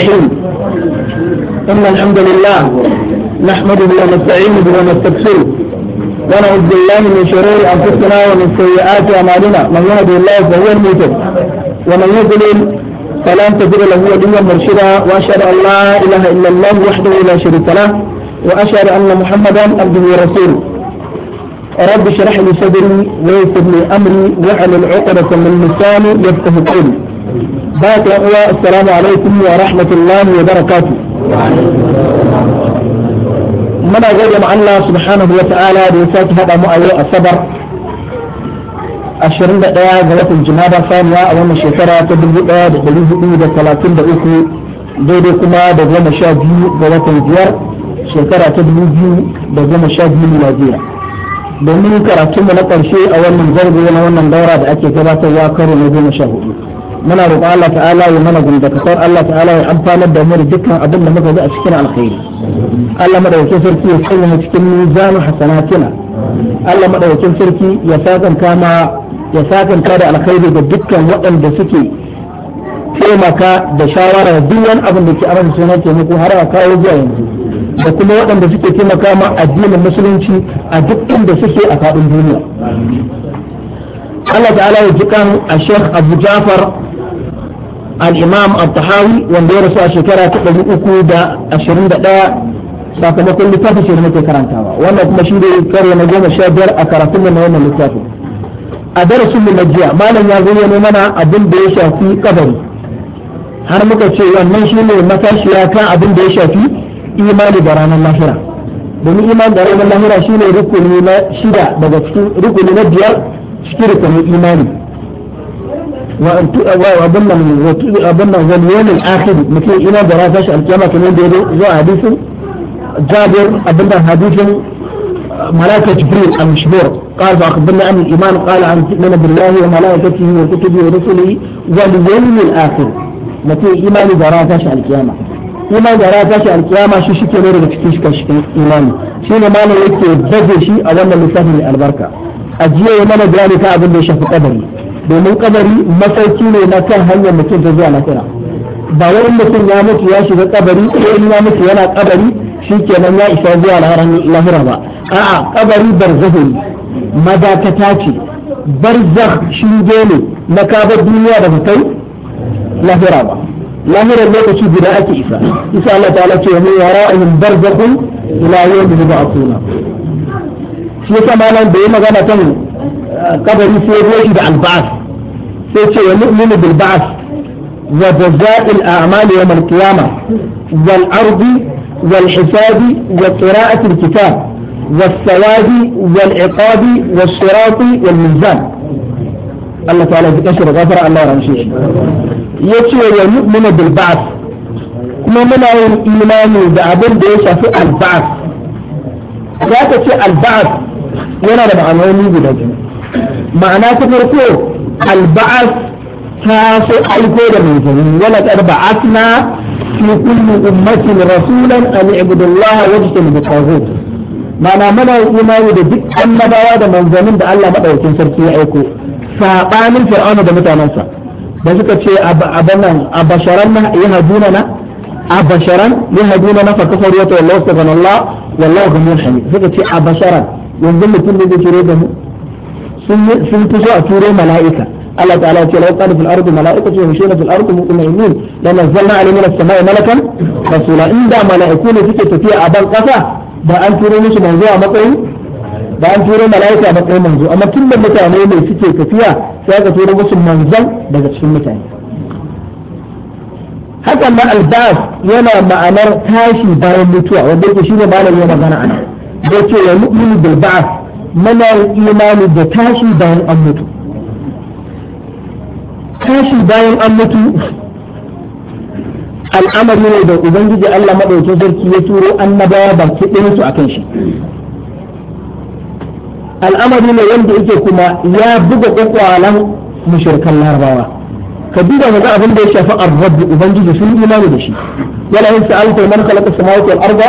إن الحمد لله نحمده ونستعينه ونستغفره ونعوذ بالله من شرور أنفسنا ومن سيئات أعمالنا من يهده الله فهو المهتد ومن يضلل فلا تجد له وليا مرشدا وأشهد أن لا إله إلا الله وحده لا شريك له وأشهد أن محمدا عبده ورسوله رب اشرح لي صدري ويسر لي أمري واعلن عقدة من لساني يفقه قولي بارك الله السلام عليكم ورحمة الله وبركاته من أجل مع الله سبحانه وتعالى بيساك هذا مؤلاء الصبر أشرين دقيا غلط الجنابة ثانية أول ما شكرا تبدو بقيا دقلي بقيا دقلاتين دقيا دقيا كما دقيا مشاهدين غلط الجوار شكرا تبدو بقيا دقيا مشاهدين ملاجية domin karatunmu na ƙarshe a wannan zargi na wannan daura da ake gabatarwa karo na goma sha muna roƙon Allah ta'ala ya mana gumdakatar Allah ta'ala ya amfanar da mu da dukkan abin da muka ji a cikin alkhairi Allah madaukakin sarki ya sanya mu cikin mizanin hasanatina Allah madaukakin sarki ya sakanta ma ya sakanta da alkhairi ga dukkan waɗanda suke taimaka da shawara da duk wani abin da ke amince sunan taimako har a kawo zuwa yanzu da kuma waɗanda suke taimaka ma addinin musulunci a duk inda suke a faɗin duniya Allah ta'ala ya jikan a Sheikh Abu Jafar al-imam al-tahawi wanda ya rasu a shekara ta ɗari uku da ashirin da ɗaya sakamakon littafi shi da muke karantawa wannan kuma shi ne karo na goma sha biyar a karatun na wannan littafin a darasin mu na jiya malam ya zayyano mana abin da ya shafi kabari har muka ce wannan shi ne matashiya kan abin da ya shafi imani da ranar lahira domin imani da ranar lahira shi ne rukuni na shida daga cikin rukuni na biyar cikin rukunin imani وأبنى واليوم الآخر مثل إلى دراسة القيامة كمان بيدو زو حديث جابر أبنى حديث ملائكة جبريل المشبور قال فأخبرنا أن الإيمان قال أن تؤمن بالله وملائكته وكتبه ورسله واليوم الآخر مثل إيمان دراسة القيامة iman da rana شو alkiyama shi shike ne daga cikin shikashikin imani shi ne malam yake baje shi a wannan lissafin albarka a mana bayani ta abin da ya shafi kadari domin kabari masauki ne na kan hanyar mutum ta zuwa lahira ba wani mutum ya mutu ya shiga kabari ko in ya mutu yana kabari shi shikenan ya isa zuwa lahira ba a'a kabari barzakh madakata ce barzakh shinge ne na kabar duniya da kai lahira ba lahira lokaci guda ake isa isa Allah ta'ala ce wa ya ra'ayin barzakhun ila a yub'athuna shi yasa nan da ya magana kan eh, kabari sai ya shi da albas sai ce wa mu'minu bil ba'th wa jazaa'il a'mali yawm al-qiyamah wal ardi wal hisabi wa qira'ati al-kitab والثواب والعقاب والصراط والميزان الله تعالى بكشر غفر الله رمشيش يتشي ويؤمن بالبعث كما منا إيمان بأبن ديشا في البعث ذاك الشيء البعث yana da ma'anoni guda biyu ma'ana ta farko alba'as ta so aiko da manzanni wala qad ba'athna fi kulli ummatin rasulan an ibudu Allah wa tajtanibu taghut mana mana imani da duk annabawa da manzannin da Allah madaukakin sarki ya aiko saɓanin fir'auna da mutanansa da suka ce abanan abasharan na yahduna na abasharan yahduna na fa kafaru wa tawallaw subhanallah wallahu ghaniyyun hamid suka ce abasharan yanzu mutum da zai kire da mu sun fi zuwa a turo mala'ika Allah ta'ala ce lau qad fil ardi mala'ikatu yamshuna fil ardi mutma'innin la nazzalna alayhim min as-sama'i malakan rasula inda mala'iku ne suke tafiya a ban kasa Ba an turo musu manzo a matsayin Ba an turo mala'ika a matsayin manzo amma tun da mutane ne suke tafiya sai aka turo musu manzon daga cikin mutane hakan ma albas yana ma'anar tashi bayan mutuwa wanda yake shine malam ya magana ana da ce ya mu'minu bil ba'th muna imani da tashi bayan an mutu tashi bayan an mutu al'amari ne da ubangiji Allah maɗauki sarki ya turo annabawa baki su a kan shi al'amari ne wanda yake kuma ya buga kwakwalan mushrikan larabawa ka duba ga abin da ya shafi arzabi ubangiji sun imani da shi yana yin sa'alta man khalaqa samawati wal arda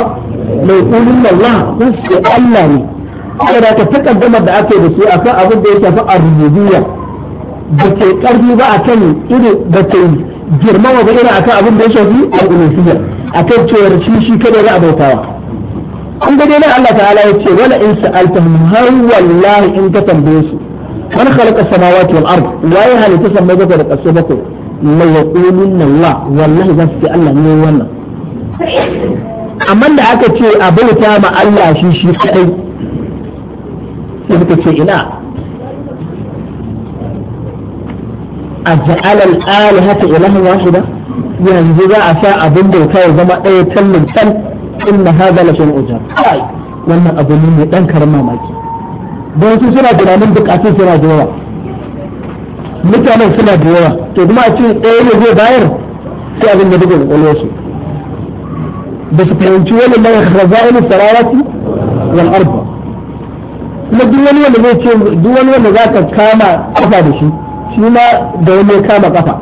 la yaquluna Allah kun Allah ne saboda ka takaddamar da ake da su a kan abin da ya shafi a rububiyya da ke karfi ba a kan iri da ke girma ba irin a kan abin da ya shafi a ulufiyya a kan cewar shi shi kada za a bautawa an ga dai Allah ta'ala ya ce wala in sa'alta har wallahi in ka tambaye su man khalaqa samawati wal ard wa ya halitta sammai da ƙasa bakwai la yaqulunna Allah wallahi za su ce Allah ne wannan amma da aka ce a bauta ma Allah shi shi kadai sai suka ce ina a ja'ala al-alihata ilahan wahida yanzu za a sa abin da ya zama ɗaya tallin tan in na la shay'un ujab kai wannan abu ne mai dan karin mamaki don su suna tunanin bukatun suna da yawa mutanen suna da yawa to kuma a ce ɗaya ne zai bayar sai abin da duka kwakwalwar su ba su fahimci wani mai khaza'in sarawati wal arba. kuma duk wani wanda zai ce duk wani wanda za ka kama kafa da shi shi ma da wani ya kama kafa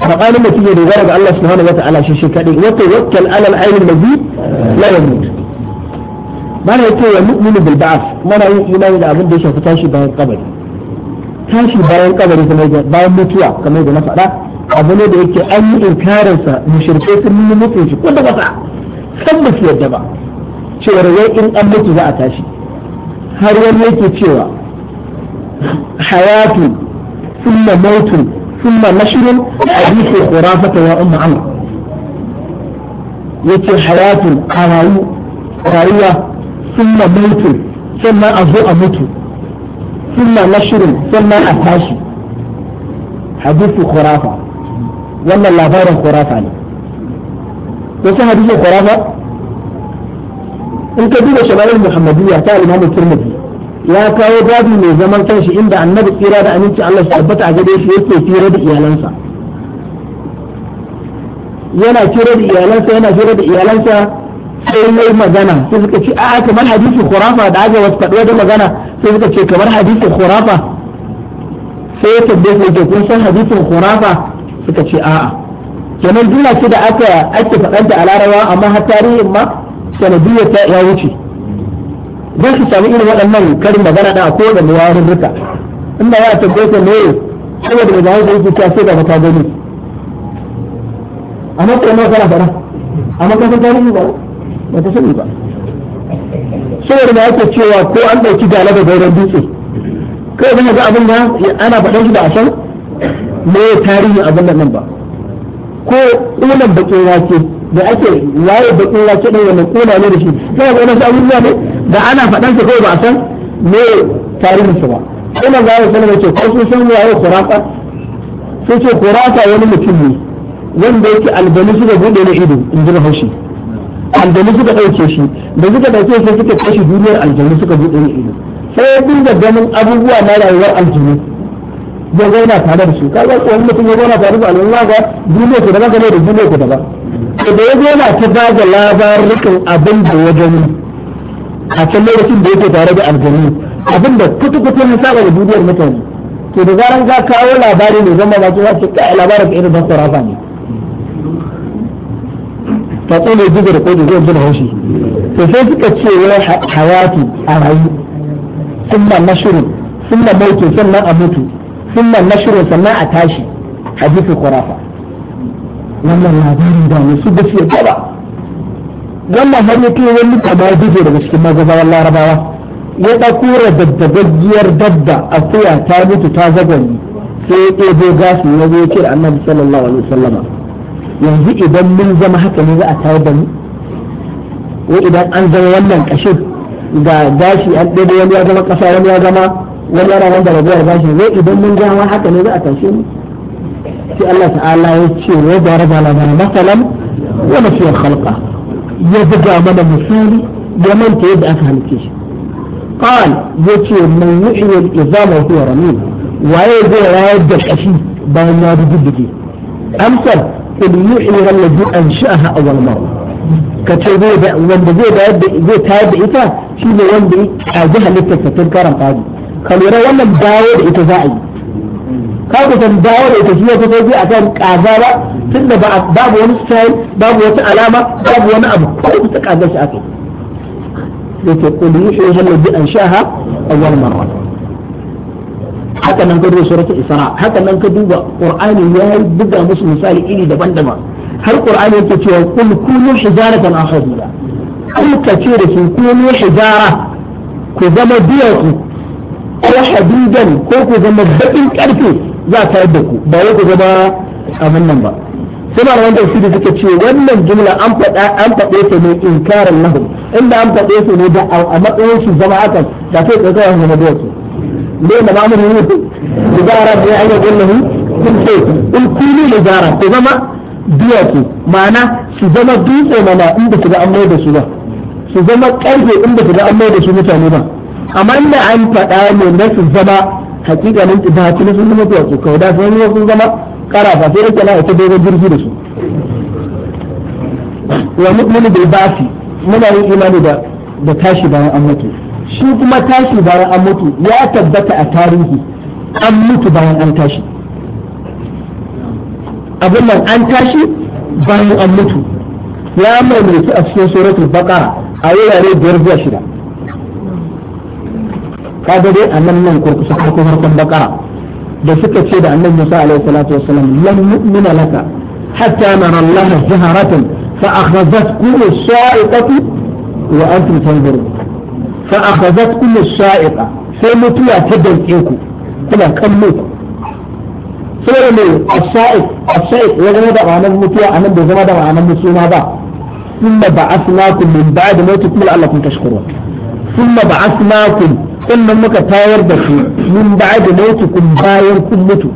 tsakanin da kike dogara ga Allah subhanahu wataala shi shi kadai wa tawakkal ala al-ayn alladhi la yamut mana yake ya mu'minu bil ba'th mana yin imani da abin da ya shafi tashi bayan kabari tashi bayan kabari kamar da bayan mutuwa kamar da na faɗa abu ne da yake an yi inkarin sa mushrike sun yi mutunci ko da ba san ba su yadda ba cewa wai in an mutu za a tashi har wani yake cewa hayatu thumma mautun thumma nashrun hadithu khurafata wa umma amr yake hayatun rayu rayuwa thumma mautun sannan a zo a mutu thumma nashrun sannan a tashi hadithu khurafa wannan labarin khurafa ne kusan hadithu khurafa in ka duba shabarar muhammadiyya ta al-imam ya kawo babu mai zaman kanshi inda annabi tsira da aminci Allah su tabbata a gare shi yake tsira da iyalansa yana tsira da iyalansa yana tsira da iyalansa sai mai magana sai suka ce a'a kamar hadisi khurafa da aka wasu faɗi wata magana sai suka ce kamar hadisi khurafa sai ya tabbe su kun san hadisin khurafa suka ce a'a kenan jumla ce da aka ake faɗanta a larabawa amma har tarihin ma sanadiyar ta ya wuce ba su sami irin waɗannan karin magana da ko da muwarin rika inda ya ta ta ne saboda da zai yake ta sai da ta gani a kuma na fara fara a ka san tarihi ba ba ta sani ba saboda da yake cewa ko an ɗauki gala da gauran dutse kai ban ga abin da ana faɗan shi da a san ne tarihi abin nan ba ko da bakin wake da ake waye kowa ke da wannan kuma ne da shi sai ga wannan abubuwa ne da ana faɗan ta kai ba a san me tarihin su ba ina ga wannan sanin ce ko sun san waye kurasa sai ce kurasa wani mutum ne wanda yake albani suka buɗe na ido in ji haushi aljanu suka ɗauke shi da suka ɗauke shi suka kashi duniyar aljanu suka buɗe na ido sai ya dinga ganin abubuwa na rayuwar aljanu zai zauna tare da su ka ga wani mutum ya zauna tare da al'umma ga duniya ku daban game da duniya ku daban da ya zauna ta ba da labarukan abin da ya gani a can lokacin da yake tare da aljanu abin da kutu-kutu ya saba da duniyar mutane to da zaran ka kawo labari ne zama ba za su kai labarin irin ban sarafa ne ta tsone jiga da kodin zai jina haushi to sai suka ce wai hayati a rayu sun ma mashirin sun ma mautu sannan a mutu thumma nashrun sannan a tashi hadithul khurafa wannan labarin da ne su da su yadda ba wannan har ya kai wani kama ya daga cikin magazawan larabawa ya ɗauko daddagaggiyar dabba a tuya ta mutu ta zagwani sai ya ɗebo gasu ya zo ce annabi sallallahu alaihi wasallama yanzu idan mun zama haka ne za a tayar da mu ko idan an zama wannan kashin ga gashi an ɗebo wani ya zama ƙasa wani ya zama wannan ranar da rabuwar bashi zai idan mun gama haka ne za a tashe mu sai Allah ta'ala ya ce wa daraba lana masalan wa nasiya khalqa ya buga mana misali ya manta yadda aka halice shi qal yace man yuhyi al-izama huwa ramin waye zai rayar da kashi bayan ya duddige amsal kul yuhyi alladhi ansha'aha awwal marra kace zai wanda zai tayar da ita shine wanda ya kaji halittar ta tun karan fadi ka lura wannan dawo da ita za a yi ka kusan dawo da ita shi ya kusa a kan kaza ba tun da babu wani style babu wata alama babu wani abu ko ta kaza shi aka yi yake kullu shi halal bi an shaha awwal marra haka nan ka duba suratul isra haka nan ka duba qur'ani ya buga musu misali iri daban-daban har qur'ani yake cewa kul kunu hijaratan akhadna an ka ce da su kunu hijara ku zama duwatsu aw hadidan ko ku zama bakin ƙarfe za ta da ku ba wai ku zama a wannan ba sai malaman tafsiri suka ce wannan jumla an faɗa an faɗe su ne inkarin lahu inda an faɗe su ne da a matsayin su zama hakan da sai ka kawai zama da su ne da mamun ne ku gara da ya aika kullahu kun ce in kuni ne gara ku zama duwatsu ma'ana su zama dutse mana in ba su ga an mai da su ba su zama ƙarfe inda su ga an mai da su mutane ba amma da an faɗa ne na su zama hakikanin ba su sun zama duwatsu kawai da sun zama sun zama karafa sai rike la'a ta dogon jirgi da su wa mu'minu bil ba'si muna yin imani da da tashi bayan an mutu shi kuma tashi bayan an mutu ya tabbata a tarihi an mutu bayan an tashi abin nan an tashi bayan an mutu ya mai a cikin suratul baqara a yare biyar zuwa shida kaga dai a nan nan kurkusa farko farkon bakara da suka ce da annabi Musa alaihi salatu wassalam lan nu'mina laka hatta nara Allah zaharatan fa akhadhatkum as-sa'iqatu wa antum tanzurun fa akhadhatkum as-sa'iqa sai mutuwa ta danke ku kuna kallo ku sai ne as-sa'iq as-sa'iq ya zama da ma'anar mutuwa anan bai zama da ma'anar musuwa ba ثم بعثناكم من بعد موتكم لعلكم تشكرون ثم بعثناكم sannan muka tayar da su min ba'da mautikum bayan kun mutu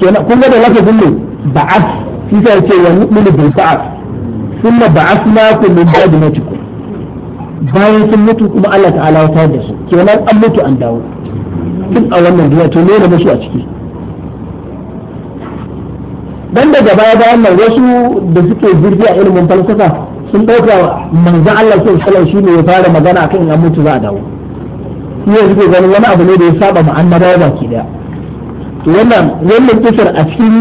kenan kun ga da lafazin ne ba'ath shi sai ce wa nu'minu bil ba'ath thumma ba'athnakum min ba'da mautikum bayan sun mutu kuma Allah ta'ala ya tayar da su kenan an mutu an dawo tun a wannan duniya to ne da musu a ciki dan daga baya bayan nan wasu da suke jirgi a ilimin falsafa sun ɗauka manzan Allah sai salar shi ne ya fara magana akan in mutu za a dawo yanzu ke ganin wani abu ne da ya saba ma annabawa baki ɗaya. to wannan wannan kisar a cikin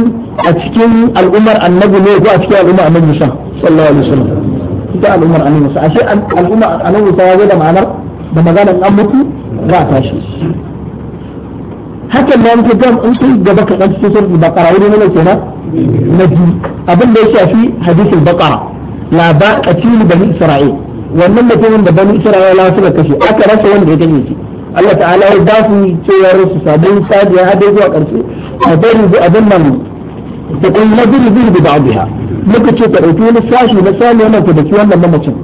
a cikin al'ummar annabi ne ko a cikin al'ummar annabi Musa sallallahu alaihi wasallam ita al'ummar annabi Musa ashe al'ummar annabi Musa ya da ma'anar da magana an mutu za a tashi hakan ma muke gam in kai gaba kaɗan cikin surat al-baqara wani ne kenan na biyu abin da ya shafi hadisul baqara labar katil bani isra'il wannan mutumin da bani isra'ila suka kashe aka rasa wanda ya kashe shi Allah ta'ala ya ba su cewar su sabon sadiya har dai zuwa karshe a bari bi abin nan da kun nadiri bi bi ba'dha muka ce ka dauki wani sashi na sani wannan ku daki wannan mamacin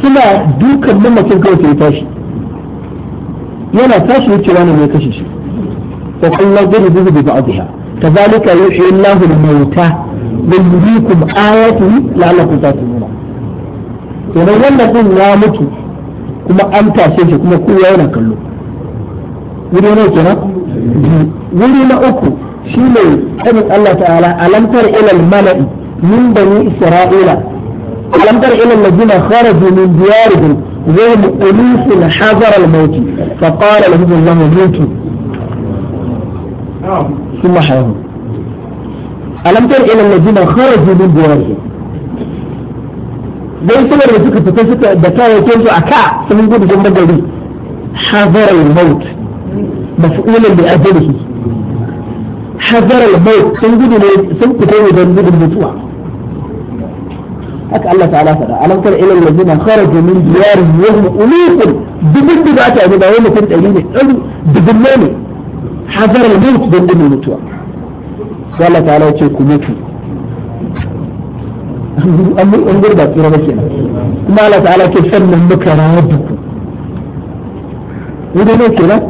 suna dukan mamacin kawai sai tashi yana tashi wucewa ne mai kashe shi fa kun nadiri bi bi ba'dha kadhalika yuhyi Allahu al-mauta ويريكم آياته لعلكم تسلمون kenan wannan din ya mutu kuma an tashe shi kuma kowa yana kallo wuri ne kenan wuri na uku shine abin Allah ta'ala alamtar ilal mala'i min bani isra'ila alamtar ilal ladina kharaju min diyarihim ghayr ulus hazar al maut fa qala lahum ثم حياهم alam tar ila alladina kharaju min diyarihim dai saboda suka fita suka da kayayyakin su aka sun gudu sun bagari hazara al-maut maf'ulan bi ajrihi hazara al-maut sun gudu ne sun fita ne don gudun mutuwa haka Allah ta'ala faɗa alam tar ila alladina kharaju min diyarihim wa hum ulufun dubun dubata ne ba wai mutum ɗari ne ɗari dubun ne hazara al-maut don gudun mutuwa sai Allah ta'ala ya ce ku mutu an gurba tsira ba kenan kuma Allah ta'ala ce sannan muka rawar da wuri ne kenan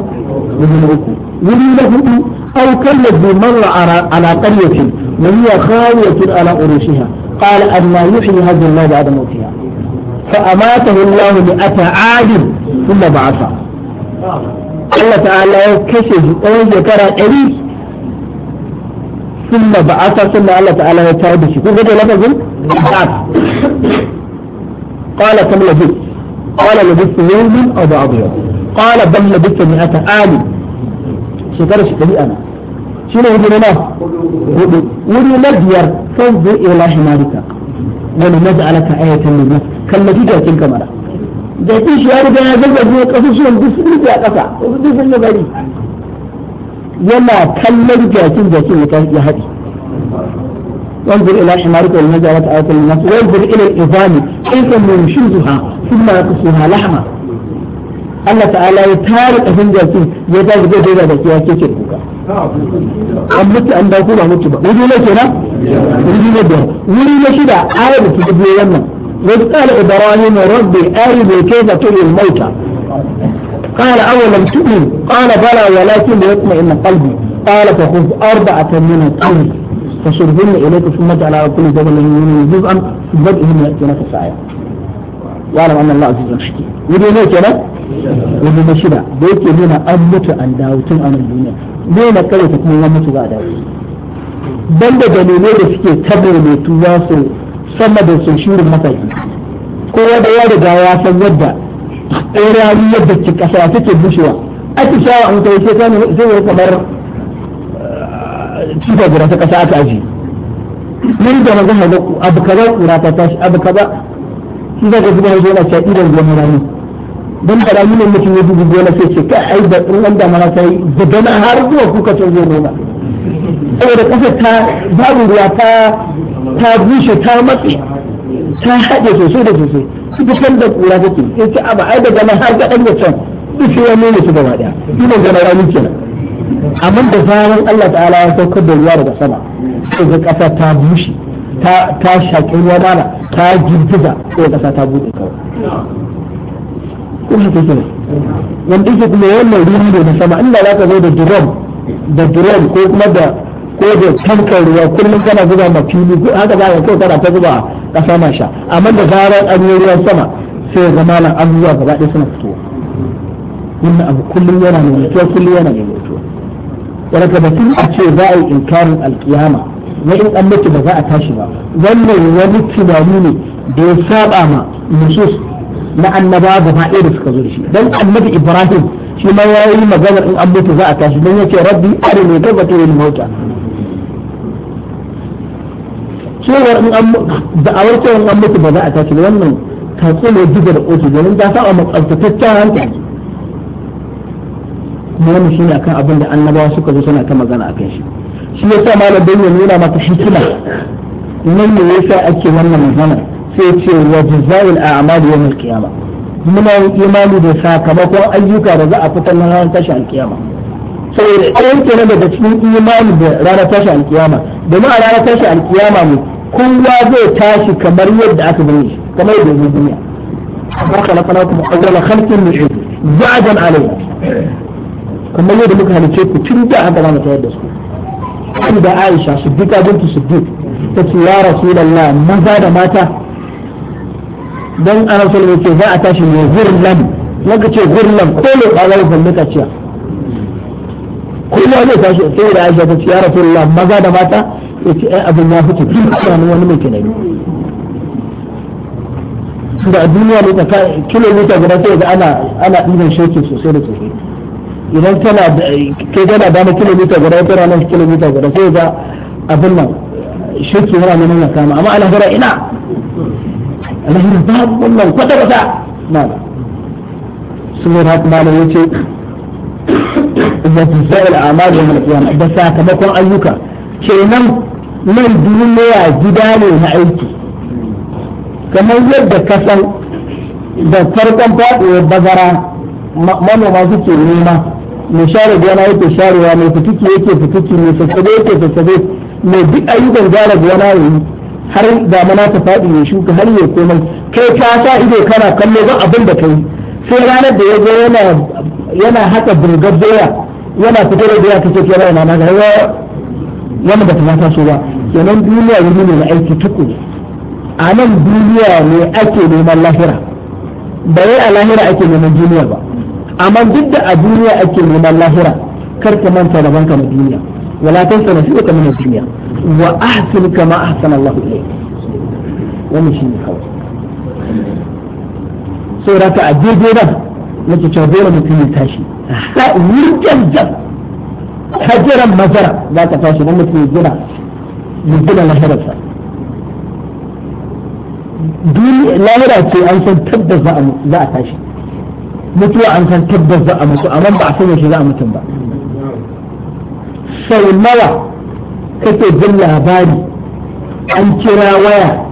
wuri na uku wuri na hudu aw kallazi marra ala qaryatin wa hiya khawiyatun ala urushiha qala anna yuhyi hadhihi Allah ba'da mawtiha fa amatahu Allah bi ata'adin thumma ba'atha Allah ta'ala ya kashe shi tsawon shekara 100 ثم بعث ثم الله تعالى يتعب شيء كل هذا لفظ بعث قال كم لبثت قال لبثت يوما أو بعض يوم قال بل لبثت مئة آل شكرا شكرا أنا شنو يقول لنا ولي لبير فانظر إلى حمارك ولنجعلك آية للناس كالتي جاءتك مرة جاءتك يا رجال يا زلمة قصصهم بس بس يا قصة بس بس yana kallon jakin jakin ya haɗi وانظر الى حمارك والمجرى وتعاطى الناس وانظر الى العظام كيف ننشدها ثم نقصها لحما Allah ta'ala ya tare ƙafin jaki ya za su zai da ya ke ce kuka an mutu an dauko ba mutu ba wuri ne kenan wuri ne biyar wuri ne shida ayar da ta biyo wannan wa qala ibrahim rabbi arini kayfa tuhil mauta قال أولم تؤمن قال بلى ولكن ليطمئن قلبي قال فخذ أربعة من الطير فشرهن إليك ثم اجعل على كل جبل منهم جزءا بدئهم يأتونك سعيا واعلم أن الله عزيز حكيم ودي ne kenan wani na shida da yake nuna an mutu an dawo tun a nan duniya ne na mutu ba a dawo da dalilai da suke tabo mai tuwa su sama da sun shirin mataki Ko da ya riga ya san yadda tsera yadda ke kasa take bushewa ake shawa an kai sai kan zai kamar eh, cikin guda ta kasa aka aji mun da maza haga abu kaza kura ta tashi abu kaza shi zaka zuba hazo yana ta idan ruwan rani dan da rani ne mutum ya dubi gona sai ce kai ai da in an da mana sai gudana har zuwa kuka ta zo noma saboda kasa ta babu ruwa ta ta bushe ta matse ta haɗe sosai da sosai dukkan da kura take sai ta aba ai daga nan har gaɗan da can duk sai ya nuna su gaba ɗaya ina gana rani kenan amma da zaran Allah ta'ala ya saukar da ruwa daga sama sai ga ƙasa ta bushe ta ta shaƙi ruwa mana ta girgiza sai ƙasa ta buɗe kawai kuma take ne wanda yake kuma wannan ruwa ne sama inda za ka zo da drone da drone ko kuma da ko da tankar ruwa kullum kana zuba ma fili haka za ka kai kana ta zuba ƙasa na sha amma da zarar an yi ruwan sama sai ga malam abubuwa gaba ɗaya suna fitowa wannan abu kullum yana mai mutuwa kullum yana mai mutuwa wadda batun a ce za a yi inkarin alkiyama na in an mutu ba za a tashi ba wannan wani tunani ne da ya saba ma nusus na annaba gaba ɗaya da suka zo da shi dan annabi ibrahim shi ma ya yi maganar in an mutu za a tashi dan ce rabbi arini kaifa tuhil mauta cewar in an da'awar cewar an mutu ba za a tashi wannan tatsu ne duka da ƙoci domin ta saba matsabtataccen hankali mu shi ne akan abin da annabawa suka zo suna ta magana akan shi shi sa malam bello nuna mata hikima nan ne ya sa ake wannan magana sai ce wa jazail a'mal yawm al-qiyamah muna imani da sakamakon ayyuka da za a fitar na ranar tashin alkiyama saboda an yanke daga cikin imani da ranar tashin alkiyama domin a ranar tashin alkiyama mu kowa zai tashi kamar yadda aka gani shi kamar yadda zai duniya amma khalaqnakum awwala khalqin min 'ilm ba'dan 'alayha kamar yadda muka halice ku tun da aka zama tayar da su kan da Aisha Siddiqa bintu Siddiq tace ya Rasulullah maza da mata don ana so ne za a tashi ne gurlan maka ce gurlan ko ne kawai fallaka ciya kowa zai tashi sai da Aisha tace ya Rasulullah maza da mata yace ai abin ya huce kin ba nan wani mai tunani da duniya ne ta mita guda sai ga ana ana ɗiban shoki sosai da sosai idan kana kai kana da guda guda sai ga abin nan shoki yana nan ya kama amma ana gara ina alhamdu babu wannan kwata kwata na sun haka ma ya ce da zai da sakamakon ayyuka kenan nan duniya gida ne na aiki kamar yadda ka san da farkon faɗuwar bazara manoma suke nema mai share gona yake sharewa mai fitiki yake fitiki mai sassabe yake sassabe mai duk ayyukan gyara gona ya yi har damana ta faɗi ya shuka har ya komai kai ka sa ido kana kallo ba abin da kai sai ranar da ya zo yana yana haka burgar doya yana fitar da doya kace kira yana na ga yana da ta so ba kenan duniya wuri ne na aiki tukuru a nan duniya ne ake neman lahira ba wai a lahira ake neman duniya ba amma duk da a duniya ake neman lahira kar ka manta da banka na duniya wala tansa ka min duniya wa ahsin kama ahsana Allah ilayk wani shi ne kawai sai raka a daidai nan nake cewa dole mutum ya tashi ha wurjan jan hajaran mazara za ka tashi nan mutum ya gina ya gina lahirarsa lahira ce an san tabbas za a tashi mutuwa an san tabbas za a mutu amma ba a san yaushe za a mutum ba sau nawa kake jin labari an kira waya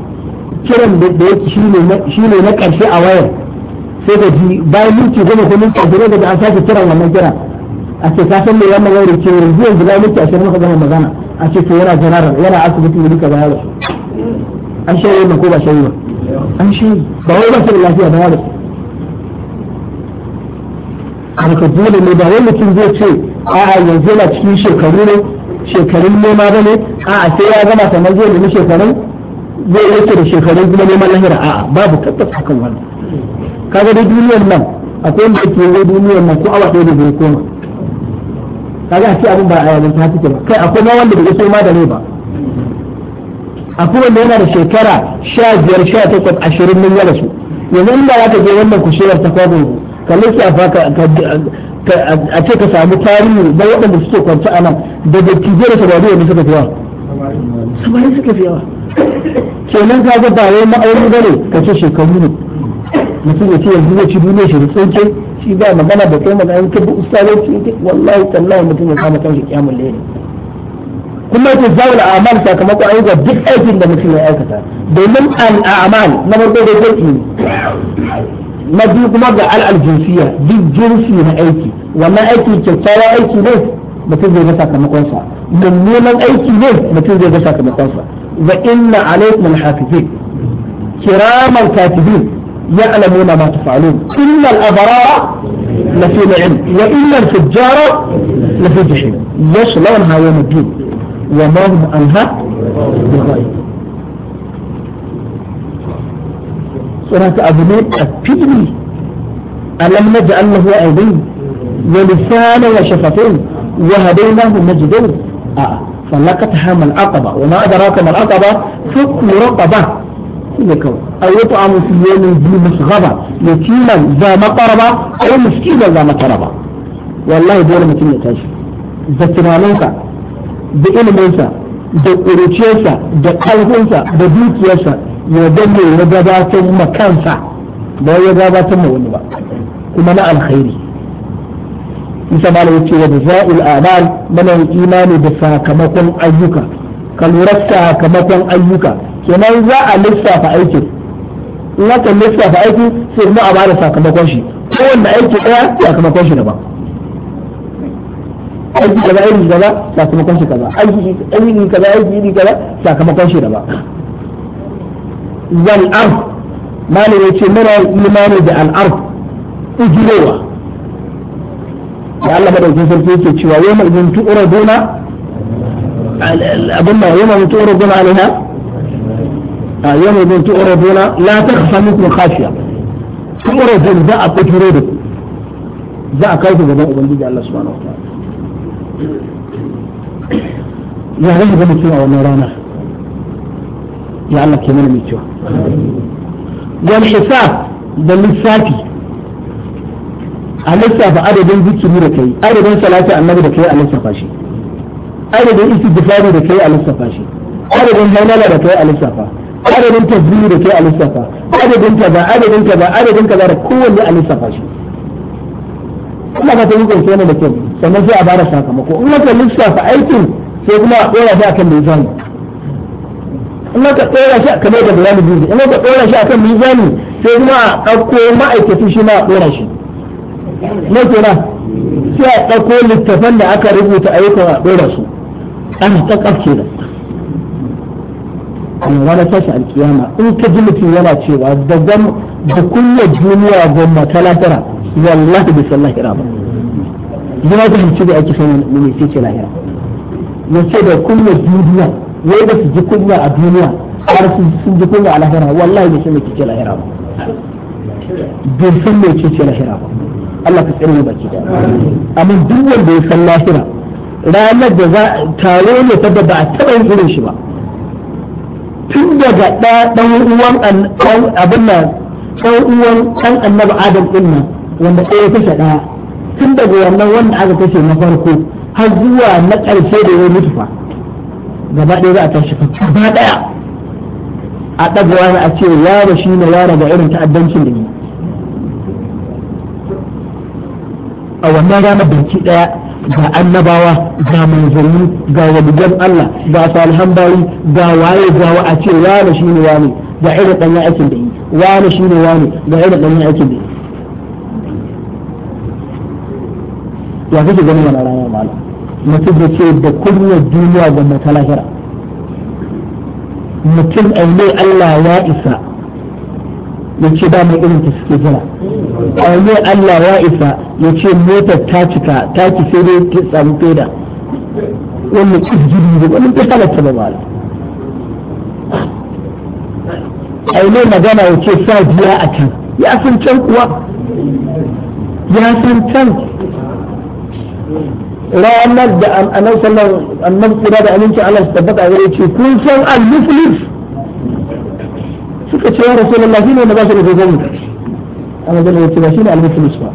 kiran da yake shi ne na ƙarshe a wayar sai ka ji bayan minti goma ko minti ashirin da an sake kiran wannan kira a ce ka san me wannan wayar ke yanzu yanzu bayan minti ashirin maka zama magana a ce to yana janaral yana asibiti ne duka bayar su an shayi ba ko ba shayi ba an shayi ba wai ba su da lafiya bayar su haka dole ne ba wani mutum zai ce a'a yanzu yana cikin shekaru ne shekarun nema ba ne a'a sai ya gama sannan zai nemi shekarun zai yake da shekarun kuma neman lahira a'a babu tabbas hakan wannan kaga da duniyar nan akwai wanda yake yi duniyar nan ko awa ɗaya da zai koma kaga a ce abin ba a yayin ta take ba kai akwai ma wanda bai so ma da ne ba akwai wanda yana da shekara 15 18 20 min ya rasu yanzu inda za ka je wannan kushewar ta kwabo ka lissafa a ce ka samu tarihi da waɗanda suke kwanci a nan da dattijai da sabari wanda suka fi yawa samari suka fi yawa kenan ka ga ba wai ma'auri ba ka ce shekaru ne mutum ya ce yanzu zai ci duniya shi tsinke shi ba magana da kai magana ta bi ustazanci wallahi tallahi mutum ya kama kanshi kiyamul layl kuma ta zawul a'mal sakamakon ayyuka duk aikin da mutum ya aikata domin al a'mal na farko da yi na biyu kuma ga al al duk jinsi na aiki wannan aiki kyakkyawa aiki ne mutum zai ga sakamakon sa mummunan aiki ne mutum zai ga sakamakon sa wa inna alaikum al-hafizin kiraman katibin يعلمون ما تفعلون إن الأبرار لفي نعم وإن الفجار لفي جحيم يصلونها يوم الدين وما هم عنها بغير سورة أبو نور التجري ألم نجعل له عينين ولسانا وشفتين وهديناه النجدين آه فلقتها هام العقبة وما أدراك ما العقبة فك رقبة shine kawai ay yato amu fi musu bi musghaba yatiman za maqaraba ay miskinan za maqaraba wallahi dole mutum ya tashi da tunaninsa da iliminsa da ƙuruciyarsa da ƙarfinsa da dukiyarsa ya danne ya gabatar ma kansa ba ya gabatar ma wani ba kuma na alkhairi isa malam yace wa jazaul a'mal mana imani da sakamakon ayyuka ka lura sakamakon ayyuka kenan za a lissafa aikin in aka lissafa aiki sai kuma a bada sakamakon shi kowanne aiki daya sakamakon shi daban aiki kaza aiki kaza sakamakon shi kaza aiki aiki kaza aiki iri kaza sakamakon shi daban zal arf malai yace muna imani da al arf ujurewa da Allah madaukin sarki yake cewa yau mai zuntu uraduna abin da yau mai zuntu uraduna alaiha a yawon bin tu'uraduna la takhfa minkum khashiya tu'uradun za a da ku za a kai ku gaban ubangiji Allah subhanahu wataala ya zai ga mutum a wannan rana ya Allah ke mana mai hisab da lissafi a lissafa adadin zikiri da kai adadin salati annabi da kai a lissafa shi adadin istighfari da kai a lissafa shi adadin da kai a lissafa adadin tasbihi da ke a lissafa adadin ta ba adadin ta ba adadin ka ba da kowanne a lissafa shi kuma ka tafi kunce ne da kyau sannan sai a bada sakamako in ka lissafa aikin sai kuma a dora shi akan mizani in ka dora shi akan da bayani biyu in ka dora shi akan mizani sai kuma a dauko ma'aikaci shi ma a dora shi ne kenan sai a ɗauko littafan da aka rubuta ayyukan a dora su an ta kafke da nan ranar tashi alkiyama in ka ji mutum yana cewa da gam da kulle duniya gomma ta lahira wallahi bai san lahira ba yana da hanci da ake sanin mu'mini sai ce lahira ce da kulle duniya wai ba su ji kunya a duniya har sun ji kunya a lahira wallahi bai san me ce lahira ba bai san me ce lahira ba Allah ka tsare mu baki da amma duk wanda ya san lahira ranar da za taro ne ta da ba a taɓa yin irin shi ba tun daga ɗan uwan abin nan ɗan uwan ɗan annabi adam ɗin nan wanda ɗaya ta shaɗa tun daga wannan wanda aka kashe na farko har zuwa na ƙarshe da ya mutu fa gaba ɗaya za a tashi fa gaba ɗaya a ɗagawa a ce yaro shi ne yaro ga irin ta'addancin da ne a wannan ranar banki ɗaya ga annabawa ga manzanni ga wadugan Allah ga salihan bayi ga waye ga a ce wani ne wani ga irin ɗanyen aikin da yi wani ne wani ga irin ɗanyen aikin da yi ya kake ganin yana rayuwa mala mutum da ce da kunyar duniya ga mai lahira mutum aine Allah ya isa Yace ce ba mai irin ta suke jira ƙwarne Allah ya isa ya motar ta cika ta ki sai dai ta samu feda wannan ƙirgiri ne wannan ta halatta ba ma'ala ai mai magana ya ce sa biya a can ya san can kuwa ya san can ranar da annabi sallallahu alaihi wasallam annabi da aminci Allah tabbata ya ce kun san al-muflis suka ce ya rasulullah shine wanda ba shi da dogon mutum amma zai ce ba shine al-muflis ba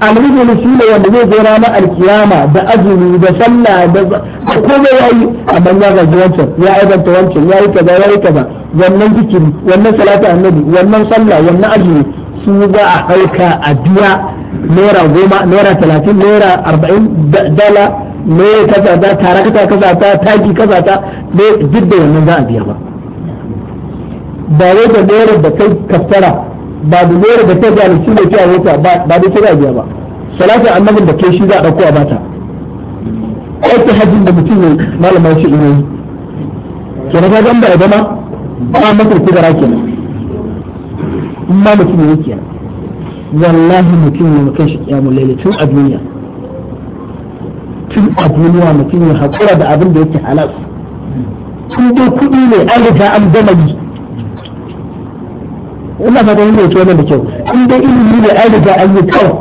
al-muflis shine wanda zai je ranar alkiyama da azumi da sallah da komai yayi amma ya ga wancan ya aibanta wancan yayi kaza yayi kaza wannan zikiri wannan salatu annabi wannan sallah wannan azumi su za a aika a biya naira goma naira talatin naira arba'in dala naira kaza ta tare kaza ta taki kaza ta duk da wannan za a biya ba ba wai da lera da kai kaftara ba da lera da kai zalunci da cewa wata ba da kira biya ba salatin annabin da ke shi za a ɗauko a bata aiki hajjin da mutum ne malama ya ce ina yi kenan ka gamba ya zama ba masa kudara kenan in ma mutum ne kenan wallahi mutum ne mutum shi kiyamun laili tun a duniya tun a duniya mutum ne hakura da abin da yake halas tun dai kuɗi ne an riga an gama yi ina fata yin yake wannan da kyau in dai ilimi da an riga an yi kawai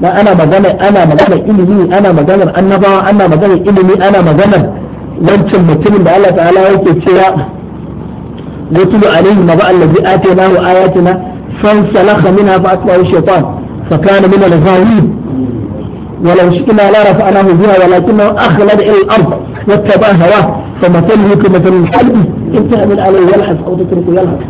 na ana magana ana magana ilimi ana maganar annabawa ana maganar ilimi ana maganar wancan mutumin da Allah ta'ala yake cewa yatlu alaihi ma ba allazi atainahu ayatina fansalakha minha fa atba'ahu shaytan fa kana min al-ghawin ولو شئنا لرفعناه بها ولكنه اخلد الى الارض واتبع هواه فمثله كمثل الحلب ان تحمل عليه يلحس او تتركه يلحس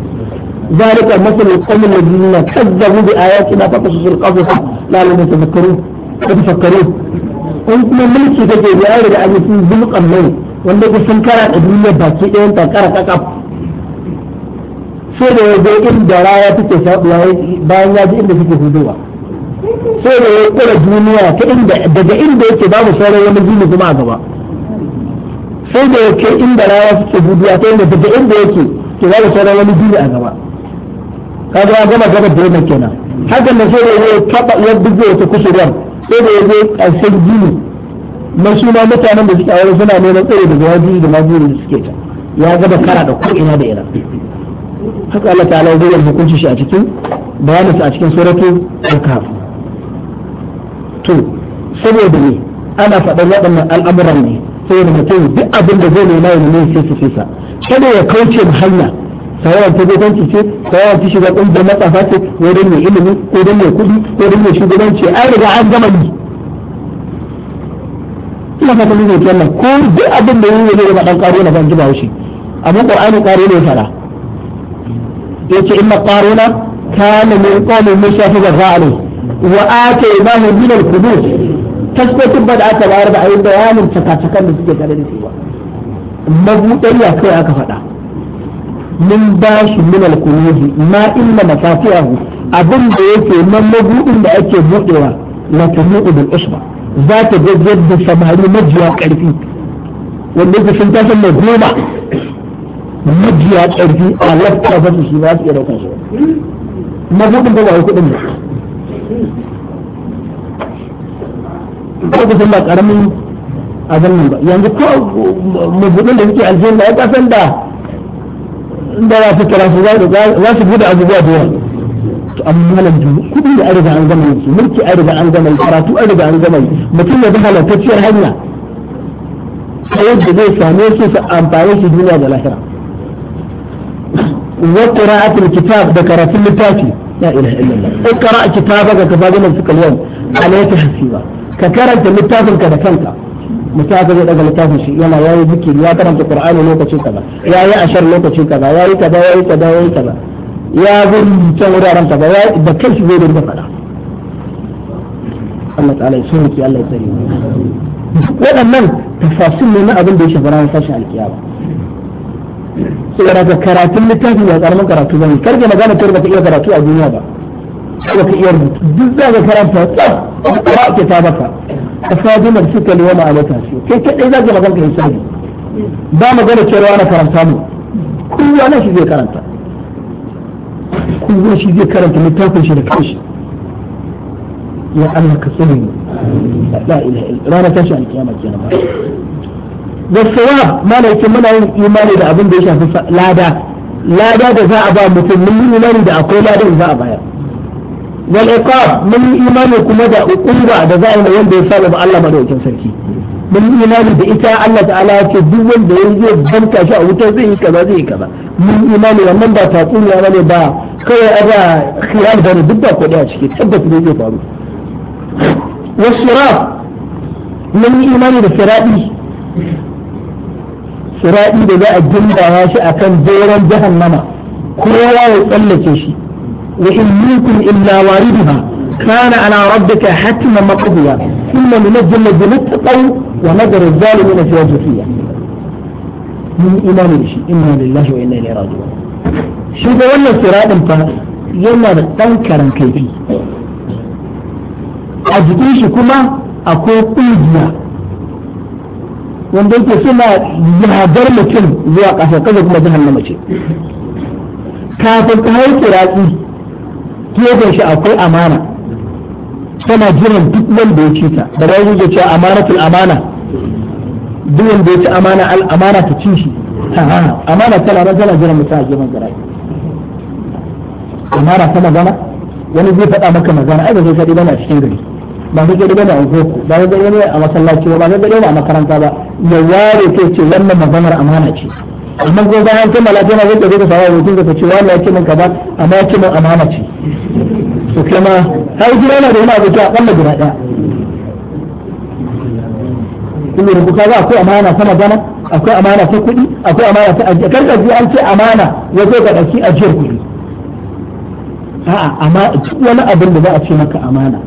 ذلك مثل القوم الذين كذبوا بآياتنا فقصص القصص لعلهم يتفكرون يتفكرون in kuma mulki take da yare da abincin zulkan mai wanda ku sun kara da duniya baki ɗayan ta kara kakaf sai da ya je inda raya ya ji inda suke hudowa sai da ya kura duniya ta inda daga inda yake babu sauran wani jini kuma a gaba sai da ya kai inda raya suke hudowa ta inda daga inda yake ke babu sauran wani jini a gaba kaga ya gama gaba birnin kenan hakan da sai da ya taba ya buge wata kusurwar sai da ya je ƙarshen gini na suna mutanen da suke aure suna neman tsare daga wajibi da mazuri da suke ta ya gaba kara da ko ina da ina haka Allah ta'ala ya bayyana hukunci shi a cikin bayanin a cikin suratu al-kahf to saboda ne ana faɗar waɗannan al'amuran ne saboda mutum duk abin da zai nema ya nemi sai su fisa kada ya kauce hanya tawaran ta dokanci ce tawaran ta shiga kungiyar matsafa ce ko don mai ilimi ko don mai kudi ko don mai shugabanci an riga an gama yi ina fata mun yi wannan ko duk abin da yayi ne da dan karo na ban jiba ba shi amma qur'ani karo ne fara yace inna qaruna kana min qawmin mushafiqa ra'ani wa ataynahu min al-qudus tasbitin bada aka bayar da ayyukan bayanin takacakan da suke tare da shi ba mabudan ya kai aka faɗa mun ba shi min alkunuzi ma inna mafatihahu abin da yake nan mabudin da ake budewa la tunu bil usba za ta ga yadda samari majiya karfi wanda yake sun tasan mai goma majiya karfi a lafta ba su shi ba su iya daukar su mabudin da ba yi kudin ba ko ba karamin abin nan ba yanzu ko mabudin da yake aljanna ya kasan da in ba ya fi karatu za su buɗe abubuwa da yawa to amma malam biyu kuɗi da an riga an gama yi mulki an riga an gama yi karatu an riga an gama yi mutum ya bi halattacciyar hanya ta yadda zai same su su amfani su duniya da lahira wa qira'atul kitab da karatun littafi la ilaha illallah iqra kitabaka kafa bi nafsika al-yawm alayka hasiba ka karanta littafinka da kanka mutum aka zai daga littafin shi yana yayi zikiri ya karanta qur'ani lokacin kaza yayi ashar lokacin kaza yayi kaza yayi kaza yayi kaza ya zai can wuraren kaza ya da kanshi zai dinga faɗa Allah ta'ala ya sunki Allah ya tsare waɗannan tafasil ne na abin da ya shafi ranar sashen alkiyama saboda karatun littafin ya karamin karatu zan kar ka magana kai baka iya karatu a duniya ba baka iya rubutu duk za ka karanta ta ba ke ta baka ka sabi na suka ne wani amata su kai kadai za ka magana kai sabi ba magana cewa na karanta mu kowa ne shi zai karanta kowa shi zai karanta littafin shi da kanshi ya Allah ka tsare mu la ilaha illa rana tashi alkiyama kenan gaskiya malaikin muna yin imani da abin da ya shafi lada lada da za a ba mutum mun yi imani da akwai lada da za a bayar wal iqab mun imani kuma da uquba da za a yi wanda ya saba ba Allah madaukakin sarki mun imani da ita Allah ta'ala ya ce duk wanda ya zai banka shi a wutar zai yi kaza zai yi kaza mun imani wannan ba tatsuniya bane ba kawai a ba khiyar da duk da kuɗi a ciki tabbata ne zai faru wasirat mun imani da siradi siradi da za a gindawa shi akan doron jahannama kowa ya tsallake shi وإن منكم إلا واردها كان على ربك حتما مقضيا ثم ننجي الذين اتقوا ونذر الظالمين في وجهية من إمام الشيء إنا لله وإنا إليه راجعون شو ده ولا سراد فا يلا تنكر كيفي أجدين كما أكون قيدنا wanda yake suna yadar mutum zuwa ƙasa kaza kuma jahannama ce kafin ka hau gefen shi akwai amana tana jiran duk wanda ya ci ta da ba zai cewa amanatul amana duk wanda ya ci amana al amana ta ci shi amana tana nan tana jiran mutum a gefen garai amana ta magana wani zai faɗa maka magana ai ba zai faɗi bana cikin gari ba zai faɗi bana a goku ba zai faɗi bana a masallaci ba zai gari bane a makaranta ba ya ware kai ce wannan maganar amana ce amma ko ba an kammala sai na zai ka samu mutum ka ce wani ya ce min kaza amma ya ce min amana ce to kai ma har gida na da yana abu ta kalla guda daya kuma rubu ka za akwai amana ta magana akwai amana ta kuɗi akwai amana ta ajiya kar ka ji an ce amana ya zo ka ɗauki ajiyar kuɗi a'a amma duk wani abin da za a ce maka amana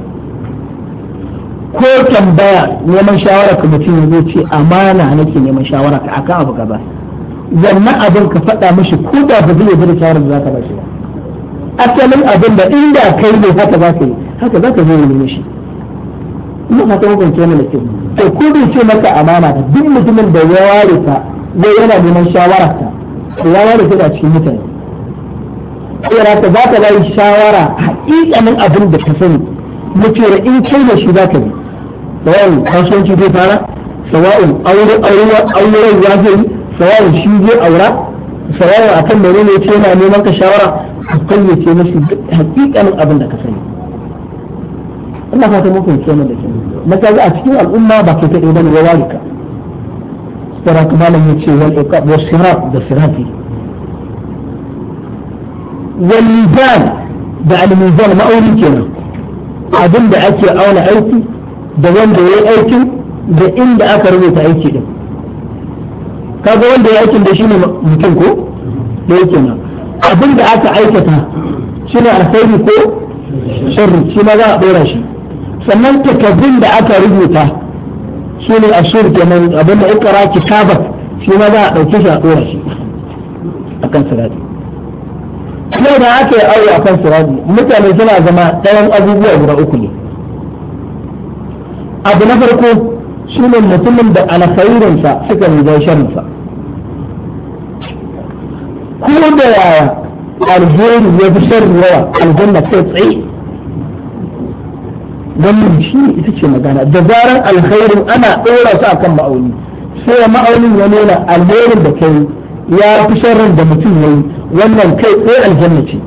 ko tambaya neman shawara ka mutum ya zo ce amana nake neman shawara ka akan abu kaza wannan abin ka faɗa mashi ko da ba zai bada shawarar da zaka ba shi ba asalin abin da inda kai ne haka za ka yi haka za ka zo ne mishi ina fata hukun ke mana ke to ko bai ce maka amana da duk mutumin da ya ware ka zai yana neman shawara ta to ya ware ka da cikin mutane kira ka za ka bayi shawara hakikanin abin da ka sani muke da in kai da shi za ka yi sawa'un kasuwanci zai fara sawa'in auren ya zai sawa'un shi zai aura sawa'un akan mene ne ce yana neman ka shawara ka kayyace mashi hakikanin abin da ka sani ina fata muku ya kenan da ke na kaga a cikin al'umma ba ke kaɗai bane ya warika sara kuma nan yace wal iqab wa sirat da sirati wal mizan da al mizan ma'aunin kenan abin da ake auna aiki da wanda ya yi aikin da inda aka rubuta aiki din kaga wanda ya aikin da shi ne mutum ko da yake nan abin da aka aikata shi ne alkhairi ko sharri shi ma za a ɗora shi sannan takardun da aka rubuta shi ne a shir kenan abin da ikara kitabat shi ma za a ɗauke shi a ɗora shi a kan sirati kuma da aka yi aure a kan sirati mutane suna zama ɗayan abubuwa guda uku ne abu na farko shi ne mutumin da alkhairinsa suka riga sharrinsa ko da yaya alheri ya fi shan yawa aljanna sai tsaye wannan shi ita ce magana da zaran alkhairin ana ɗora su akan ma'auni sai ma'aunin ya nuna alherin da kai ya fi sharrin da mutum ya yi wannan kai tsaye aljanna ce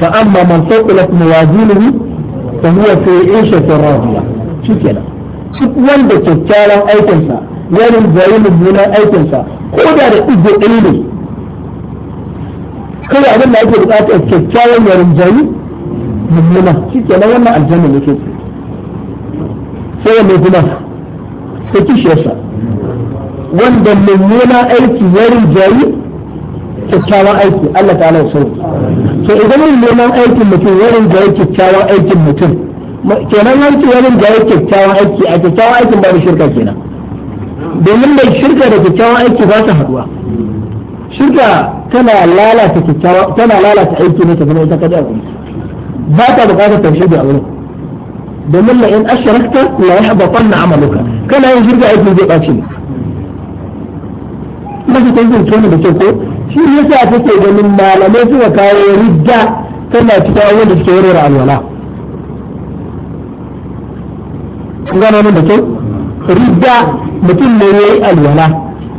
fa amma man sauƙulat mawazinuhu fa huwa fi ishatin radiya shikenan duk wanda kyakkyawan aikinsa yanin zayin mummunan aikinsa ko da da ido ɗaya ne kai abin da ake bukata kyakkyawan yarin jari mummuna shi ke nan wannan aljanna ne ke sai wanne kuma sai kishiyarsa wanda mummuna aiki yarin jari kyakkyawan aiki Allah ta ala sau to idan mummunan aiki mutum yarin jari kyakkyawan aiki mutum kenan yanki yarin jari kyakkyawan aiki a kyakkyawan aikin babu shirka kenan domin mai shirka da kyakkyawan aiki ba ta haduwa shirka tana lalata kyakkyawa tana lalata aiki ne ta zama ita kadai a gurin ba ta buƙatar tauhidi a wurin domin la in ashrakta la yahbatanna amaluka kana yin shirka aiki zai ɓaci ne mafi tanzin kenan da kyau ko shi yasa kake ganin malamai suka kawo ridda tana cikin abubuwan da suke warware alwala kun gano nan da kyau ridda mutum ne ya yi alwala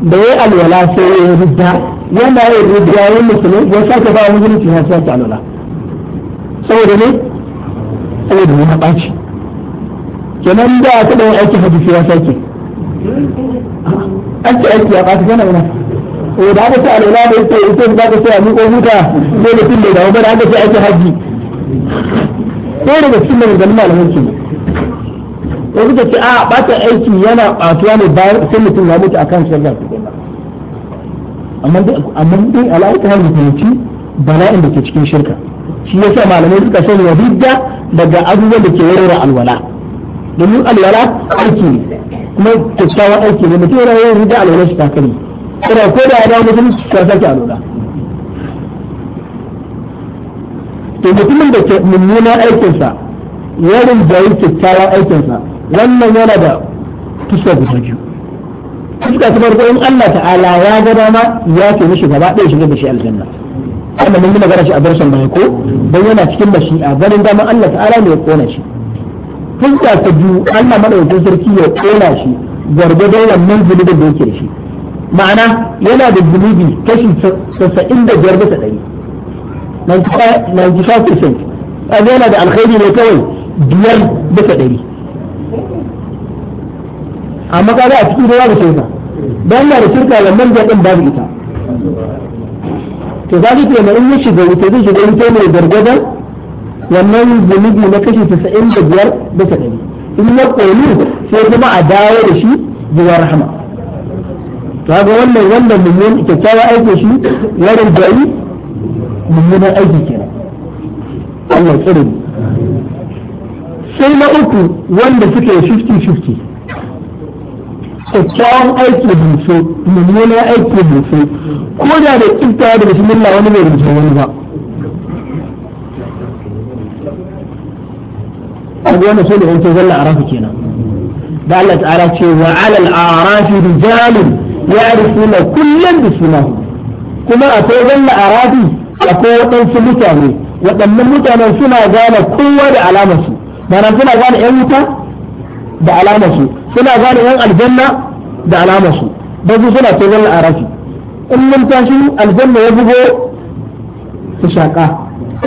da ya yi alwala sai ya yi ridda yana yi rubiyayen musulmi ya sake ba musulunci ya sake alwala saboda ne saboda ne na ɓaci kenan da ta da aiki hajji hadisi ya sake aiki aiki ya ɓaci kana ina ko eh, da aka sa alola da ita ita da aka sa a ko huta sai da tun da dawo ba aka sa aiki hajji ko daga cikin da malamai ke ne ko kuka ce a ɓata aiki yana ɓatuwa ne bayan sai mutum ya mutu a kan shirgar kuɗin amma dai amma dai alaika har mutunci bala'in da ke cikin shirka shi ya sa malamai suka sani wa bidda daga abubuwan da ke warware alwala domin alwala aiki ne kuma kyakkyawan aiki ne mutum yana yin rida alwala shi takari kuma ko da ya dawo mutum su ka sake alwala to mutumin da ke mummunan aikinsa ya rinjayi kyakkyawan aikinsa wannan yana da kusa guda biyu fuska ta farko in Allah ta'ala ya ga dama ya ce mishi gaba ɗaya shiga da shi aljanna amma mun yi magana shi a darshan bai ko dan yana cikin a ganin dama Allah ta'ala ne ya kona shi fuska ta biyu Allah madaukakin sarki ya kona shi gwargwadon wannan zunubin da yake da shi ma'ana yana da zunubi kashi sassa'in da biyar bisa ɗari 95% kaga yana da alkhairi ne kawai biyar bisa ɗari amma kaga a cikin ruwa da shirka dan da shirka lamman da din babu ita to za ki ce in ya da wuta zai shiga wuta ne gargada wannan zunubi na kashi 95 bisa ɗari in ya koyi sai kuma a dawo da shi zuwa rahama to ga wannan wanda mummun kyakkyawa aikin shi ya rinda yi mummunan aiki kenan Allah tsirin sai na uku wanda suke 50-50 kyakkyawan aiki rufe mummunan aiki rufe ko da da kiftawa da bismillah wani bai rufe wani ba abu wanda so da yanke zalla a rafi kenan da Allah ta'ala ce wa alal arafi rijalun ya'rifuna kullum da suna kuma a akwai zalla a rafi akwai waɗansu mutane waɗannan mutanen suna gane kowa da alamarsu ba suna gane 'yan wuta da alamarsu suna gane yan aljanna da alamar su ba su suna ce zalla arafi in mun tashi aljanna ya bugo su shaka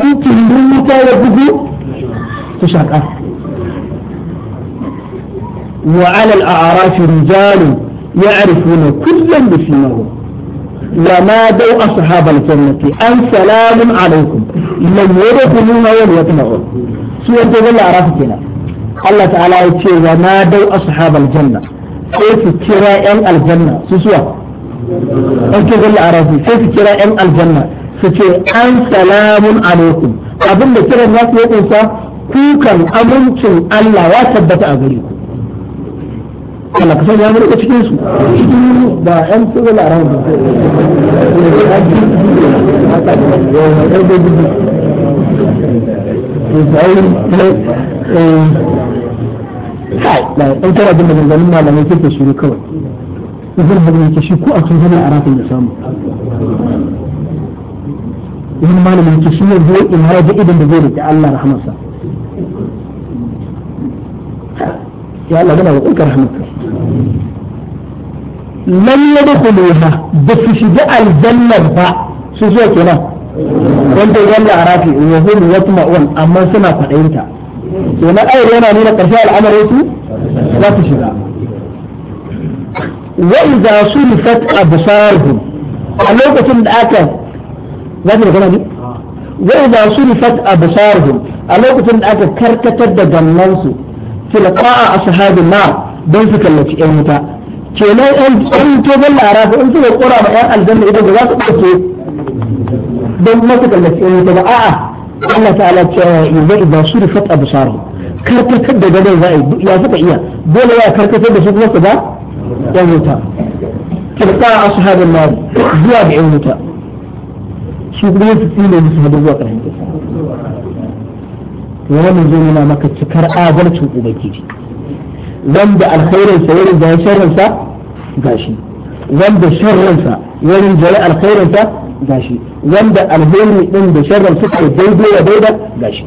in kindin wuta ya bugo su shaƙa وعلى الأعراف رجال يعرفون كلا بسيماهم ونادوا أصحاب الجنة أن سلام عليكم لم يدخلوها يوم يطمعون سورة الأعراف كده Allah ta'ala ya ce wa dau ashabal aljanna sai su kira yan aljanna su suwa an ke galla arafi sai su kira yan aljanna su ce an salamun alaikum abinda kiran za su yi kukan amincin Allah ya tabbata a gare ku Allah ka cikin su ba yan arafi ba kai dan tara da maganganun malamai kake shiru kawai Idan hazm yake shi ko a cikin hana da samu ibn malamin yake shi yanzu in har idan da zai rike Allah rahmarsa ya Allah muna roƙon rahmarka lan yadkhuluha ba su shiga aljannar ba su zuwa kenan wanda yalla arafi wa hum yatma'un amma suna kwaɗayinta kenan ayar yana nuna ƙarshe al'amarin su za su shiga wa idza sulifat absaruhum a lokacin da aka za ki magana ne wa idza a lokacin da aka karkatar da gannansu tilqa'a ashabin na don su kallaci yan wuta kenan yan tobin larabu in suka kora ma yan aljanna idan ba za su ɗauke don masu kallaci yan wuta ba a'a الله تعالى يزيد بصير فتى بصاره كرت كده ده ده يا فتى يا بولا يا كرت كده شو بس ده يا موتى تبقى أصحاب النار زواج عيونتا شو بدي تسيله بس هذا الوقت رح ينتصر ولا من زمان ما كنت كر آذل شو بدي تيجي ذنب الخير سير الجاهشر انسى جاشي ذنب الشر انسى يوم الجلاء الخير انسى gashi wanda alheri din da sharrin suka daidai wa daida gashi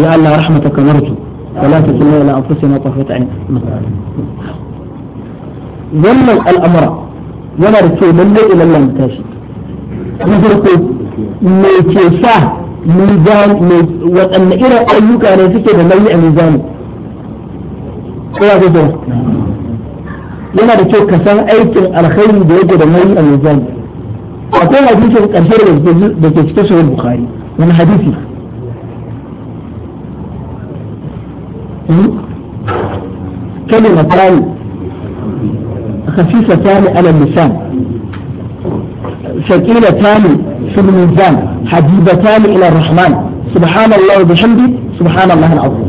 ya Allah rahmataka narju ولا تكلنا إلى أنفسنا طرفة عين wannan al'amura yana da ke lalle ilallah mu tashi na farko me ke sa mizan waɗanne irin ayyuka ne suke da nauyi a mizani ko ya yana da kyau ka san aikin alkhairi da yake da nauyi a mizan akwai hadisin karshe da ke cikin sahih bukhari wani hadisi كلمتان خفيفتان على اللسان ثقيلتان في الميزان حبيبتان الى الرحمن سبحان الله وبحمده سبحان الله العظيم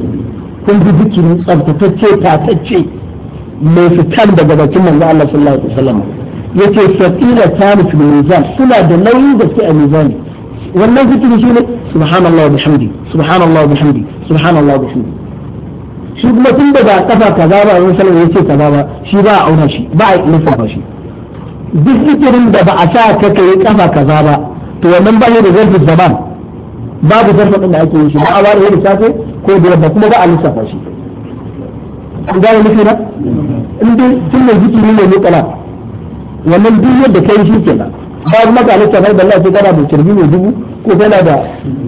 كن بذكر صبتتشي تاتشي mai fitar daga bakin manzo Allah sallallahu alaihi wasallam yace sakila tarif fil mizan suna da nauyi da suke a mizani wannan fitiri shine subhanallah bihamdi subhanallah bihamdi subhanallah bihamdi shi kuma tun da ba kafa kaza ba wani salama yace kaza ba shi ba a auna shi ba a yi lissafa shi duk fitirin da ba a sa ka kai kafa kaza ba to wannan ba da zarfi ba babu zarfin da ake yi shi ba a ware da safe ko da ba kuma ba a lissafa shi an gane nufi na in dai jumlar zikiri ne mutlaq wannan duk yadda kai shi kenan ba kuma ka lissafa da Allah sai kana da kirbi mai dubu ko kana da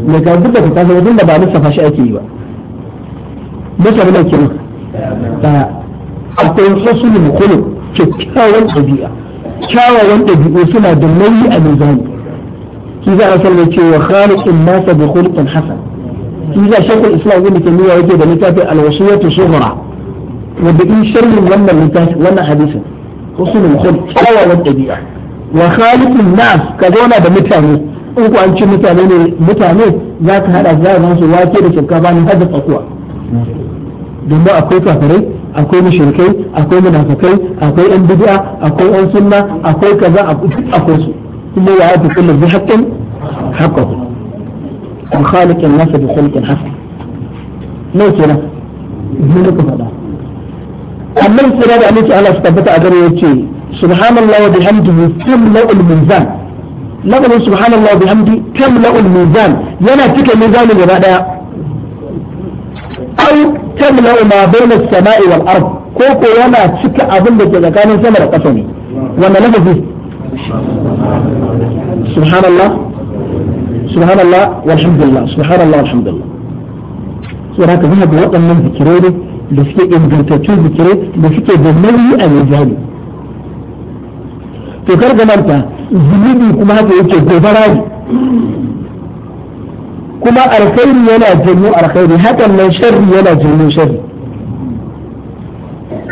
mai ka duk da ka kasa wajen da ba lissafa shi ake yi ba masa muna kiran daya akwai husnul khuluq kyakkyawan dabi'a kyawawan dabi'u suna da nauyi a mizani shi za a sallama cewa khaliqin nasa bi khuluqin hasan shi za shakul islam ibn taymiya yake da littafin al-wasiyatu sughra وبدين شر ولا لتاش ولا حديثه خصوصا الخلق سوى والطبيعة وخالق الناس كذونا بمتانه انكو انشي متانه متانه ذاك هذا الزائر نصر واكي لشبكة بان هدف أقوى دمو أقوى كفري أقوى مشركي أقوى منافقي أقوى انبدع أقوى انسنة أقوى كذا أقوى سوى ثم يعاد كل ذي حق حقه وخالق الناس بخلق حق ليس هنا ابن لك فلاح annan kira da aminci Allah su tabbata a gare yace subhanallah wa bihamdihi tamla'ul mizan lafazin subhanallah wa bihamdi tamla'ul mizan yana cike mizani gaba daya au tamla'u ma bayna as-sama'i wal ard ko ko yana cike abin da ke tsakanin sama da ƙasa ne wannan lafazi subhanallah subhanallah walhamdulillah subhanallah walhamdulillah sai haka zaka waɗannan zikirai da suke ingantattun zikirai da suke da nauyi a mizani to kar ga manta zunubi kuma haka yake gobara ne kuma alkhairi yana janyo alkhairi hakan nan sharri yana janyo sharri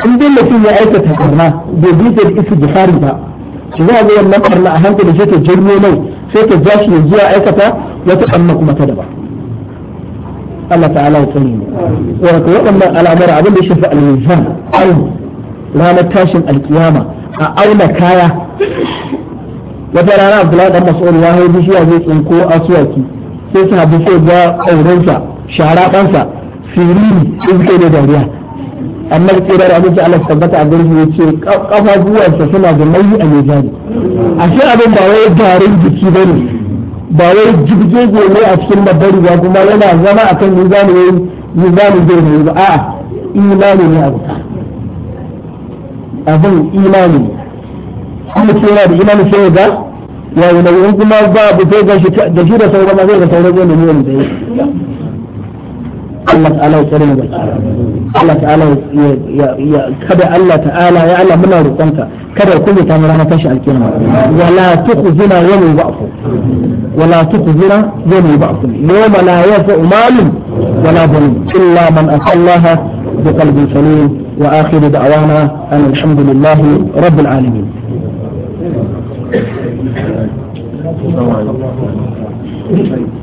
in dai mutum ya aikata karna bai bi da fari ba shi za a ga wannan karna a hankali sai ta janyo mai sai ta ya zuwa aikata wata kanna kuma ta ba. Allah ta'ala ya tsare mu wato waɗannan al'amura abin da ya shafi al-mizan ranar tashin alkiyama a auna kaya wata rana Abdullahi dan Mas'ud ya hau bishiya zai tsinko asuwaki sai sa bi sai ga aurensa shara ɗansa siriri sun kai da dariya amma tsirar abinci Allah tabbata a gurin ya ce kafafuwansa suna da nauyi a mizani ashe abin ba wai garin jiki ne. ba wai jirgego ne a cikin babbar riga kuma yana zama akan mizani yayi mizani zai ne ba a'a imani ne abu abin imani ne kuma ce yana da imani sai ga ya yi nauyin kuma ba bu sai ga shi da shi da sauran ma zai ga sauran zai ne ne wanda ya الله تعالى يكرم بك الله تعالى كذا الله تعالى يا الله من رقمك كذا كل تامر انا تشاء الكلمه ولا تخزنا يوم البعث ولا تخزنا يوم البعث يوم لا يفع مال ولا بنون الا من اتى الله بقلب سليم واخر دعوانا ان الحمد لله رب العالمين Thank you.